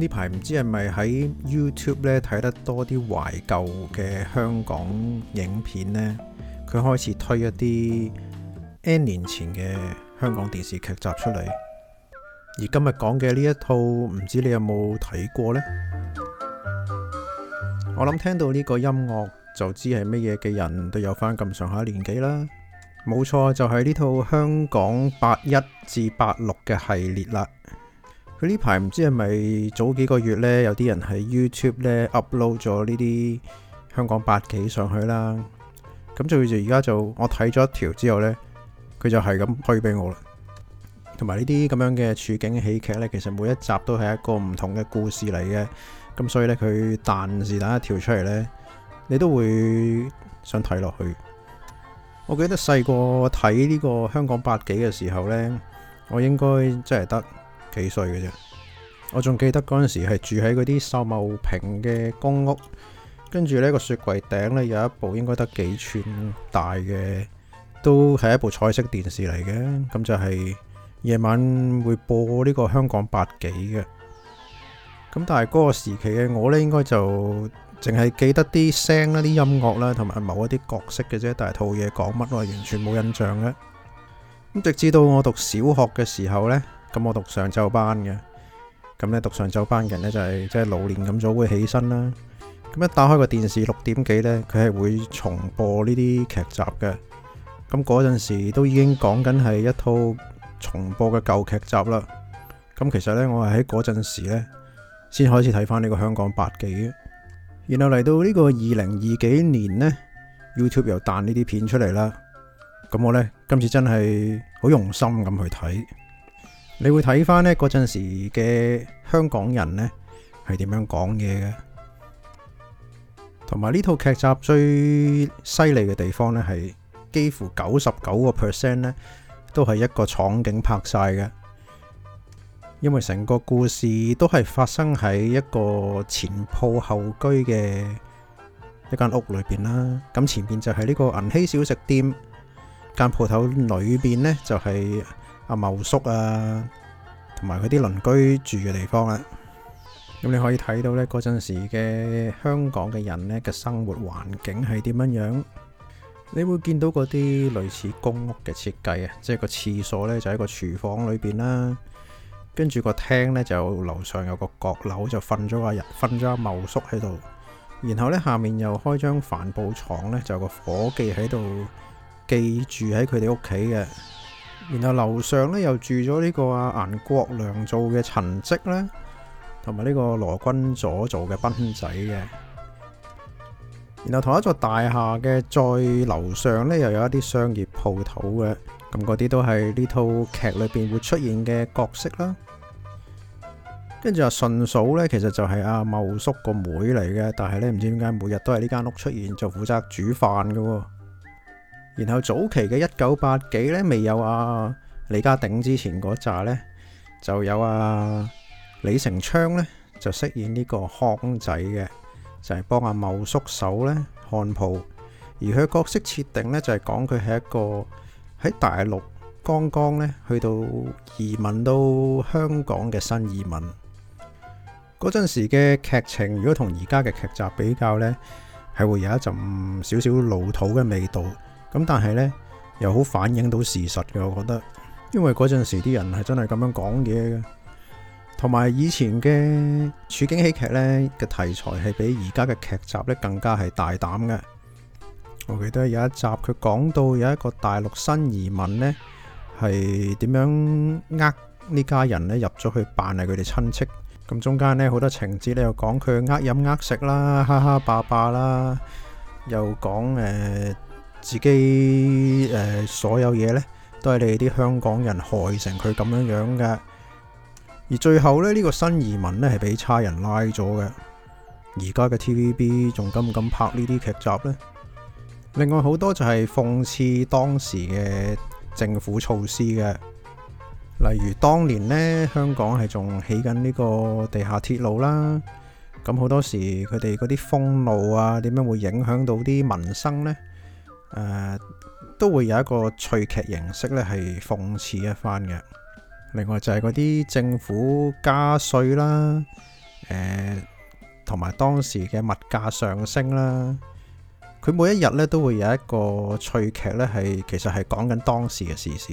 是是呢排唔知係咪喺 YouTube 呢睇得多啲懷舊嘅香港影片呢？佢開始推一啲 N 年前嘅香港電視劇集出嚟。而今日講嘅呢一套，唔知你有冇睇過呢？我諗聽到呢個音樂就知係乜嘢嘅人都有返咁上下年紀啦。冇錯，就係、是、呢套香港八一至八六嘅系列啦。佢呢排唔知係咪早幾個月咧，有啲人喺 YouTube 咧 upload 咗呢啲香港八幾上去啦。咁所以就而家就我睇咗一條之後咧，佢就係咁推俾我啦。同埋呢啲咁樣嘅處境嘅喜劇咧，其實每一集都係一個唔同嘅故事嚟嘅。咁所以咧，佢彈是彈一條出嚟咧，你都會想睇落去。我記得細個睇呢個香港八幾嘅時候咧，我應該真係得。幾歲嘅啫，我仲記得嗰陣時係住喺嗰啲秀茂坪嘅公屋，跟住呢個雪櫃頂呢，有一部應該得幾寸大嘅，都係一部彩色電視嚟嘅。咁就係夜晚會播呢個香港八幾嘅。咁但係嗰個時期嘅我呢，應該就淨係記得啲聲啦、啲音樂啦，同埋某一啲角色嘅啫。但係套嘢講乜，我完全冇印象嘅。咁直至到我讀小學嘅時候呢。咁我讀上晝班嘅，咁咧讀上晝班嘅人咧就係即係老年咁早會起身啦。咁一打開個電視六點幾咧，佢係會重播呢啲劇集嘅。咁嗰陣時都已經講緊係一套重播嘅舊劇集啦。咁其實咧，我係喺嗰陣時咧先開始睇翻呢個香港八幾嘅。然後嚟到呢個二零二幾年咧，YouTube 又彈呢啲片出嚟啦。咁我咧今次真係好用心咁去睇。你會睇翻呢嗰陣時嘅香港人呢，係點樣講嘢嘅，同埋呢套劇集最犀利嘅地方呢，係幾乎九十九個 percent 咧都係一個廠景拍晒嘅，因為成個故事都係發生喺一個前鋪後居嘅一間屋裏邊啦。咁前邊就係呢個銀禧小食店間鋪頭裏邊呢，就係、是。阿茂叔啊，同埋佢啲鄰居住嘅地方啦。咁你可以睇到呢嗰陣時嘅香港嘅人呢嘅生活環境係點樣樣？你會見到嗰啲類似公屋嘅設計啊，即係個廁所呢就喺個廚房裏邊啦，跟住個廳呢，就樓上有個閣樓就瞓咗個人，瞓咗阿茂叔喺度。然後呢，下面又開張帆布廠呢，就有個伙計喺度寄住喺佢哋屋企嘅。然後樓上咧又住咗呢個阿顏國樑做嘅陳迹咧，同埋呢個羅君左做嘅賓仔嘅。然後同一座大廈嘅再樓上咧又有一啲商業鋪頭嘅，咁嗰啲都係呢套劇裏邊會出現嘅角色啦。跟住阿順嫂咧，其實就係阿茂叔個妹嚟嘅，但係咧唔知點解每日都係呢間屋出現，就負責煮飯噶。然後早期嘅一九八幾咧，未有阿、啊、李家鼎之前嗰扎咧，就有阿、啊、李成昌咧，就飾演呢個康仔嘅，就係幫阿茂叔手咧，看鋪。而佢角色設定咧，就係講佢係一個喺大陸剛剛咧去到移民到香港嘅新移民。嗰陣時嘅劇情，如果同而家嘅劇集比較咧，係會有一陣少少老土嘅味道。咁但係呢又好反映到事實嘅，我覺得，因為嗰陣時啲人係真係咁樣講嘢嘅，同埋以前嘅處境喜劇呢，嘅題材係比而家嘅劇集呢更加係大膽嘅。我記得有一集佢講到有一個大陸新移民呢，係點樣呃呢家人呢入咗去扮係佢哋親戚，咁中間呢，好多情節呢，又講佢呃飲呃食啦，哈哈霸霸啦，又講誒。呃自己誒所有嘢咧，都係你哋啲香港人害成佢咁樣樣嘅。而最後咧，呢個新移民咧係俾差人拉咗嘅。而家嘅 TVB 仲敢唔敢拍呢啲劇集咧？另外好多就係諷刺當時嘅政府措施嘅，例如當年咧香港係仲起緊呢個地下鐵路啦。咁好多時佢哋嗰啲封路啊，點樣會影響到啲民生咧？誒、啊，都會有一個趣劇形式咧，係諷刺一番嘅。另外就係嗰啲政府加稅啦，誒、啊，同埋當時嘅物價上升啦，佢每一日咧都會有一個趣劇咧，係其實係講緊當時嘅時事。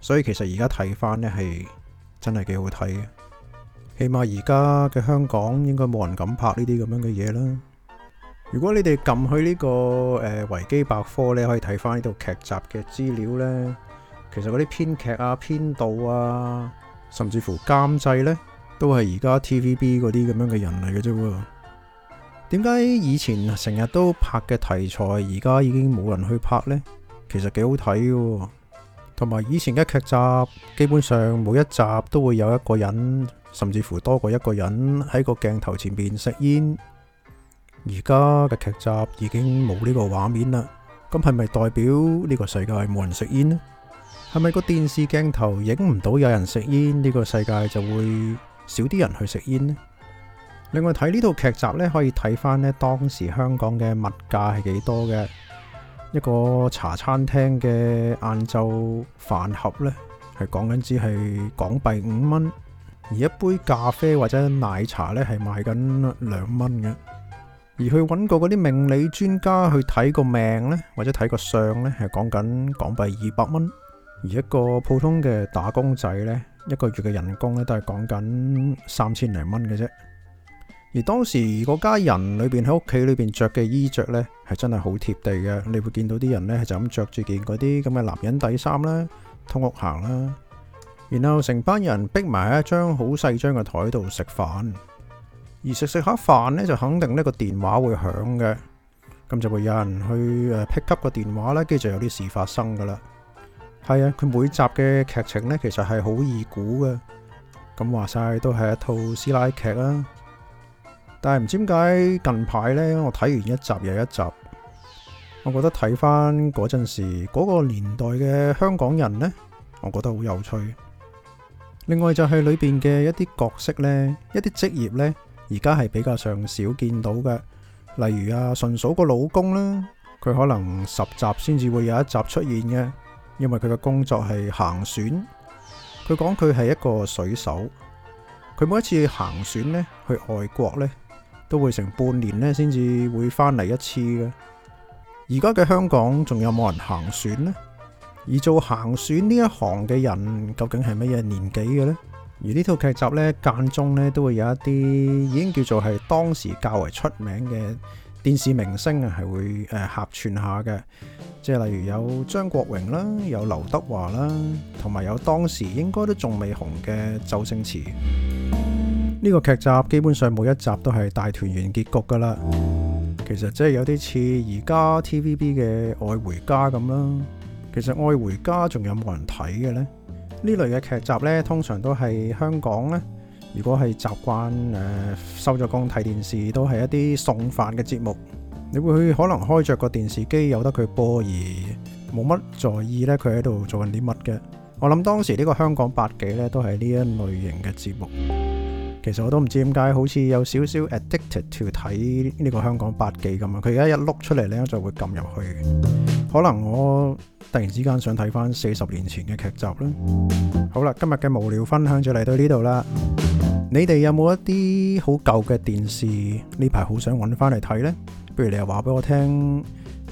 所以其實而家睇翻呢係真係幾好睇嘅。起碼而家嘅香港應該冇人敢拍呢啲咁樣嘅嘢啦。如果你哋撳去呢個誒維基百科，你可以睇翻呢度劇集嘅資料呢，其實嗰啲編劇啊、編導啊，甚至乎監製呢，都係而家 TVB 嗰啲咁樣嘅人嚟嘅啫。點解以前成日都拍嘅題材，而家已經冇人去拍呢？其實幾好睇嘅，啊。同埋以前嘅劇集，基本上每一集都會有一個人，甚至乎多過一個人喺個鏡頭前面食煙。而家嘅劇集已經冇呢個畫面啦，咁係咪代表呢個世界冇人食煙呢？係咪個電視鏡頭影唔到有人食煙，呢個世界就會少啲人去食煙呢？另外睇呢套劇集呢，可以睇翻呢當時香港嘅物價係幾多嘅？一個茶餐廳嘅晏晝飯盒呢，係講緊只係港幣五蚊，而一杯咖啡或者奶茶呢，係賣緊兩蚊嘅。而去揾過嗰啲命理專家去睇個命呢，或者睇個相呢，係講緊港幣二百蚊。而一個普通嘅打工仔呢，一個月嘅人工呢都係講緊三千零蚊嘅啫。而當時嗰家人裏邊喺屋企裏邊着嘅衣着呢，係真係好貼地嘅。你會見到啲人呢係就咁着住件嗰啲咁嘅男人底衫啦，通屋行啦。然後成班人逼埋喺一張好細張嘅台度食飯。而食食下飯呢，就肯定呢個電話會響嘅，咁就會有人去誒，pick up 個電話咧，跟住就有啲事發生噶啦。係啊，佢每集嘅劇情呢，其實係好易估嘅。咁話晒都係一套師奶劇啦。但係唔知點解近排呢，我睇完一集又一集，我覺得睇翻嗰陣時嗰個年代嘅香港人呢，我覺得好有趣。另外就係裏邊嘅一啲角色呢，一啲職業呢。而家係比較上少見到嘅，例如阿、啊、純嫂個老公啦，佢可能十集先至會有一集出現嘅，因為佢嘅工作係行船。佢講佢係一個水手，佢每一次行船咧去外國咧，都會成半年咧先至會翻嚟一次嘅。而家嘅香港仲有冇人行船呢？而做行船呢一行嘅人，究竟係乜嘢年紀嘅呢？而這套劇呢套劇集呢，間中呢都會有一啲已經叫做係當時較為出名嘅電視明星啊，係會誒客串下嘅，即係例如有張國榮啦，有劉德華啦，同埋有，有當時應該都仲未紅嘅周星馳。呢 個劇集基本上每一集都係大團圓結局噶啦。其實即係有啲似而家 TVB 嘅《愛回家》咁啦。其實《愛回家》仲有冇人睇嘅呢？呢類嘅劇集呢，通常都係香港呢。如果係習慣誒收咗工睇電視，都係一啲餸飯嘅節目。你會可能開着個電視機，有得佢播而冇乜在意呢，佢喺度做緊啲乜嘅。我諗當時呢個香港八幾呢，都係呢一類型嘅節目。其實我都唔知點解，好似有少少 addicted to 睇呢個香港八幾咁樣。佢而家一碌出嚟呢，就會撳入去。可能我。突然之間想睇翻四十年前嘅劇集啦，好啦，今日嘅無聊分享就嚟到呢度啦。你哋有冇一啲好舊嘅電視呢排好想揾翻嚟睇呢？不如你又話俾我聽，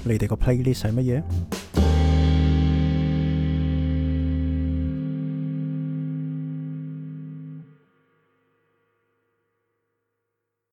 你哋個 playlist 係乜嘢？